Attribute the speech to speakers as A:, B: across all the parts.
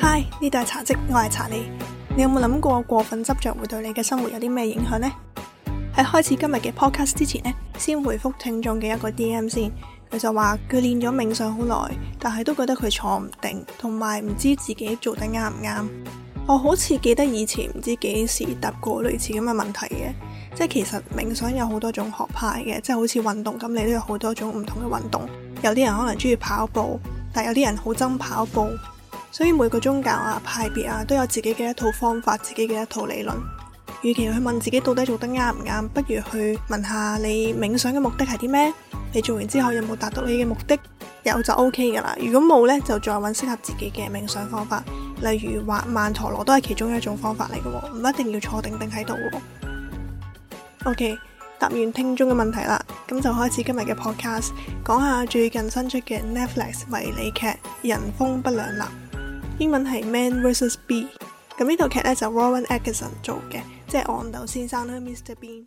A: Hi，呢度係茶嘖，我係查理。你有冇諗過過分執着會對你嘅生活有啲咩影響呢？喺開始今日嘅 podcast 之前呢，先回覆聽眾嘅一個 DM 先。佢就話佢練咗冥想好耐，但係都覺得佢坐唔定，同埋唔知自己做得啱唔啱。我好似記得以前唔知幾時答過類似咁嘅問題嘅，即係其實冥想有好多種學派嘅，即係好似運動咁，你都有好多種唔同嘅運動。有啲人可能中意跑步。但有啲人好憎跑步，所以每個宗教啊派別啊都有自己嘅一套方法，自己嘅一套理論。與其去問自己到底做得啱唔啱，不如去問下你冥想嘅目的係啲咩？你做完之後有冇達到你嘅目的？有就 OK 噶啦，如果冇呢，就再揾適合自己嘅冥想方法。例如畫曼陀羅都係其中一種方法嚟嘅，唔一定要坐定定喺度。OK。答完聽眾嘅問題啦，咁就開始今日嘅 podcast，講下最近新出嘅 Netflix 迷你劇《人蜂不兩立》，英文係 Man versus Bee。咁呢套劇呢，就 Rowan Atkinson 做嘅，即係憨豆先生啦，Mr Bean。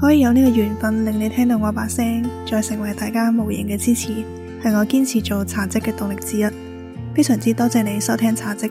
A: 可以有呢個緣分令你聽到我把聲，再成為大家無形嘅支持，係我堅持做茶嘖嘅動力之一。非常之多謝你收聽茶嘖。